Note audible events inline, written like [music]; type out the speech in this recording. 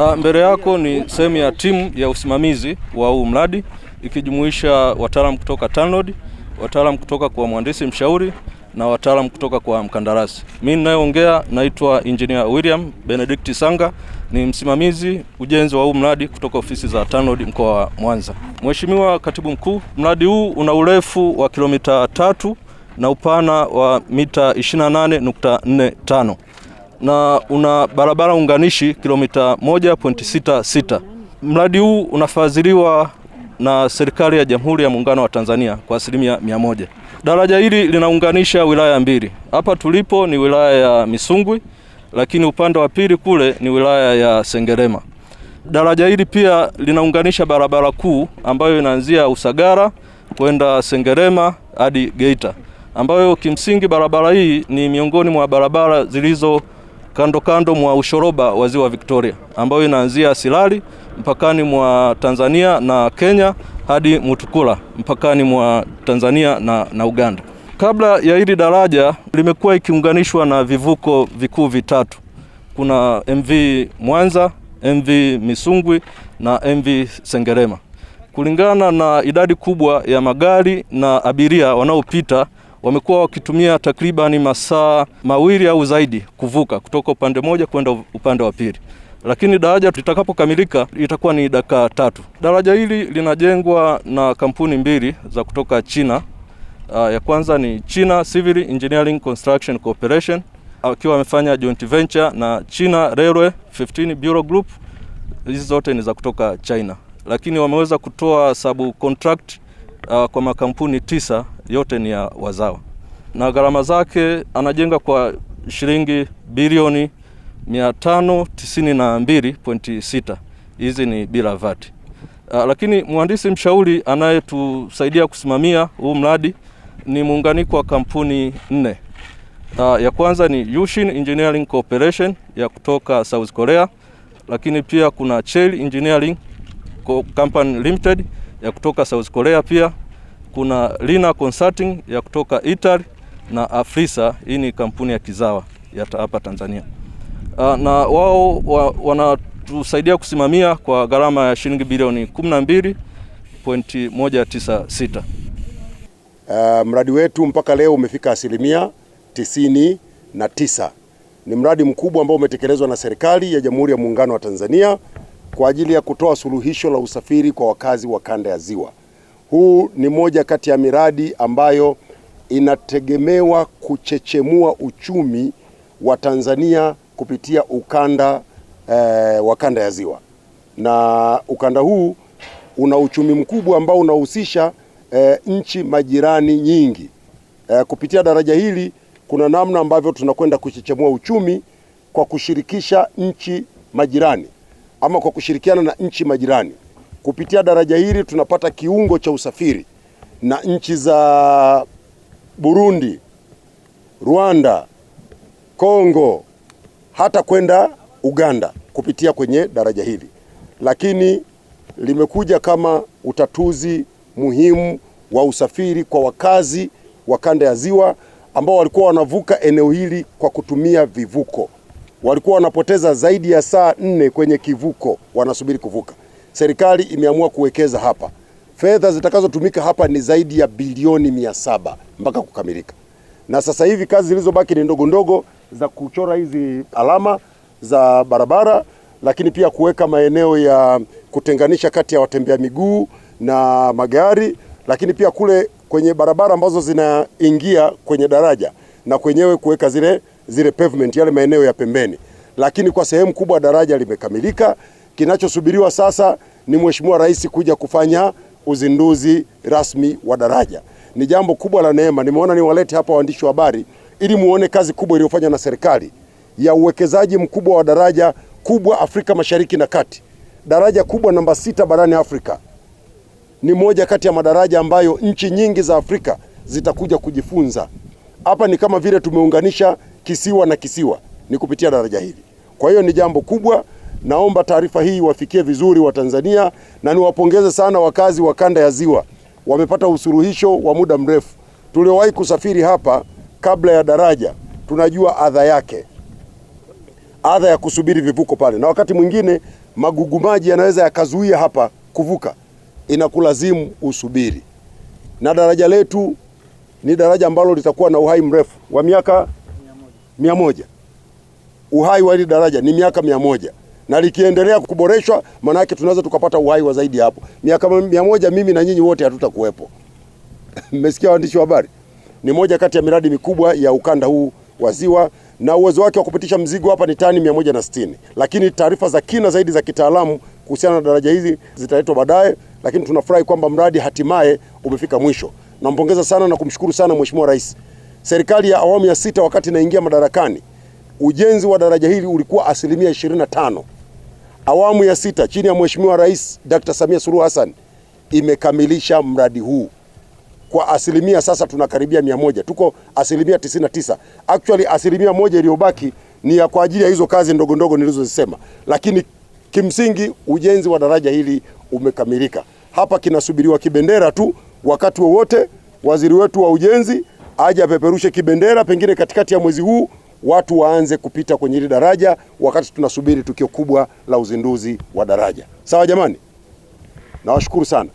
Ah, mbele yako ni sehemu ya timu ya usimamizi wa huu mradi ikijumuisha wataalamu kutoka TANROADS, wataalamu kutoka kwa mhandisi mshauri na wataalamu kutoka kwa mkandarasi. Mimi ninayeongea naitwa Engineer William Benedict Sanga, ni msimamizi ujenzi wa huu mradi kutoka ofisi za TANROADS mkoa wa Mwanza. Mheshimiwa Katibu Mkuu, mradi huu una urefu wa kilomita tatu na upana wa mita 28.45 na una barabara unganishi kilomita 1.66. Mradi huu unafadhiliwa na serikali ya Jamhuri ya Muungano wa Tanzania kwa asilimia mia moja. Daraja hili linaunganisha wilaya mbili. Hapa tulipo ni wilaya ya Misungwi, lakini upande wa pili kule ni wilaya ya Sengerema. Daraja hili pia linaunganisha barabara kuu ambayo inaanzia Usagara kwenda Sengerema hadi Geita, ambayo kimsingi barabara hii ni miongoni mwa barabara zilizo kando kando mwa ushoroba wa ziwa Victoria, ambayo inaanzia Silali mpakani mwa Tanzania na Kenya hadi Mutukula mpakani mwa Tanzania na, na Uganda. Kabla ya hili daraja limekuwa ikiunganishwa na vivuko vikuu vitatu. Kuna MV Mwanza, MV Misungwi na MV Sengerema. Kulingana na idadi kubwa ya magari na abiria wanaopita wamekuwa wakitumia takribani masaa mawili au zaidi kuvuka kutoka upande mmoja kwenda upande wa pili, lakini daraja litakapokamilika itakuwa ni dakika tatu. Daraja hili linajengwa na kampuni mbili za kutoka China. Uh, ya kwanza ni China Civil Engineering Construction Corporation akiwa amefanya joint venture na China Railway 15 Bureau Group. Hizi zote ni za kutoka China, lakini wameweza kutoa sub contract uh, ah, kwa makampuni tisa yote ni ya wazawa, na gharama zake anajenga kwa shilingi bilioni 592.6. Hizi ni bila vati. Uh, ah, lakini mhandisi mshauri anayetusaidia kusimamia huu mradi ni muunganiko wa kampuni nne. Uh, ya kwanza ni Yushin Engineering Corporation ya kutoka South Korea, lakini pia kuna Cheil Engineering Company Limited ya kutoka South Korea pia kuna Lina Consulting ya kutoka Italy na Afrisa, hii ni kampuni ya kizawa ya hapa Tanzania, ah, na wao wa, wanatusaidia kusimamia kwa gharama ya shilingi bilioni 12.196. Uh, ah, mradi wetu mpaka leo umefika asilimia tisini na tisa. Ni mradi mkubwa ambao umetekelezwa na serikali ya Jamhuri ya Muungano wa Tanzania kwa ajili ya kutoa suluhisho la usafiri kwa wakazi wa kanda ya Ziwa. Huu ni moja kati ya miradi ambayo inategemewa kuchechemua uchumi wa Tanzania kupitia ukanda eh, wa kanda ya Ziwa, na ukanda huu una uchumi mkubwa ambao unahusisha eh, nchi majirani nyingi. Eh, kupitia daraja hili kuna namna ambavyo tunakwenda kuchechemua uchumi kwa kushirikisha nchi majirani ama kwa kushirikiana na nchi majirani. Kupitia daraja hili tunapata kiungo cha usafiri na nchi za Burundi, Rwanda, Kongo hata kwenda Uganda kupitia kwenye daraja hili, lakini limekuja kama utatuzi muhimu wa usafiri kwa wakazi wa kanda ya Ziwa ambao walikuwa wanavuka eneo hili kwa kutumia vivuko. Walikuwa wanapoteza zaidi ya saa nne kwenye kivuko wanasubiri kuvuka serikali imeamua kuwekeza hapa. Fedha zitakazotumika hapa ni zaidi ya bilioni mia saba mpaka kukamilika, na sasa hivi kazi zilizobaki ni ndogo ndogo za kuchora hizi alama za barabara, lakini pia kuweka maeneo ya kutenganisha kati ya watembea miguu na magari, lakini pia kule kwenye barabara ambazo zinaingia kwenye daraja na kwenyewe kuweka zile, zile pavement yale maeneo ya pembeni, lakini kwa sehemu kubwa daraja limekamilika. Kinachosubiriwa sasa ni Mheshimiwa Rais kuja kufanya uzinduzi rasmi wa daraja. Ni jambo kubwa la neema, nimeona niwalete hapa waandishi wa habari ili muone kazi kubwa iliyofanywa na serikali ya uwekezaji mkubwa wa daraja kubwa Afrika Mashariki na Kati. Daraja kubwa namba sita barani Afrika ni moja kati ya madaraja ambayo nchi nyingi za Afrika zitakuja kujifunza. Hapa ni kama vile tumeunganisha kisiwa na kisiwa ni kupitia daraja hili. Kwa hiyo ni jambo kubwa. Naomba taarifa hii wafikie vizuri Watanzania na niwapongeze sana wakazi wa kanda ya Ziwa, wamepata usuluhisho wa muda mrefu. Tuliowahi kusafiri hapa kabla ya daraja tunajua adha yake, adha ya kusubiri vivuko pale, na wakati mwingine magugu maji yanaweza yakazuia hapa kuvuka, inakulazimu usubiri. Na daraja letu ni daraja ambalo litakuwa na uhai mrefu wa miaka mia moja. Uhai wa hili daraja ni miaka mia moja na likiendelea kuboreshwa, maana yake tunaweza tukapata uhai wa zaidi hapo. Miaka mia moja mimi na nyinyi wote hatutakuwepo. [laughs] Mmesikia waandishi wa habari? Ni moja kati ya miradi mikubwa ya ukanda huu wa Ziwa na uwezo wake wa kupitisha mzigo hapa ni tani 160, lakini taarifa za kina zaidi za kitaalamu kuhusiana na daraja hizi zitaletwa baadaye, lakini tunafurahi kwamba mradi hatimaye umefika mwisho. Nampongeza sana na kumshukuru sana Mheshimiwa Rais. Serikali ya awamu ya sita wakati inaingia madarakani, ujenzi wa daraja hili ulikuwa asilimia 25. Awamu ya sita chini ya Mheshimiwa Rais Dr. Samia Suluhu Hassan imekamilisha mradi huu kwa asilimia sasa tunakaribia mia moja, tuko asilimia 99. Actually asilimia moja iliyobaki ni ya kwa ajili ya hizo kazi ndogo ndogo nilizozisema, lakini kimsingi ujenzi wa daraja hili umekamilika. Hapa kinasubiriwa kibendera tu, wakati wowote waziri wetu wa ujenzi aje apeperushe kibendera, pengine katikati ya mwezi huu watu waanze kupita kwenye hili daraja wakati tunasubiri tukio kubwa la uzinduzi wa daraja. Sawa jamani, nawashukuru sana.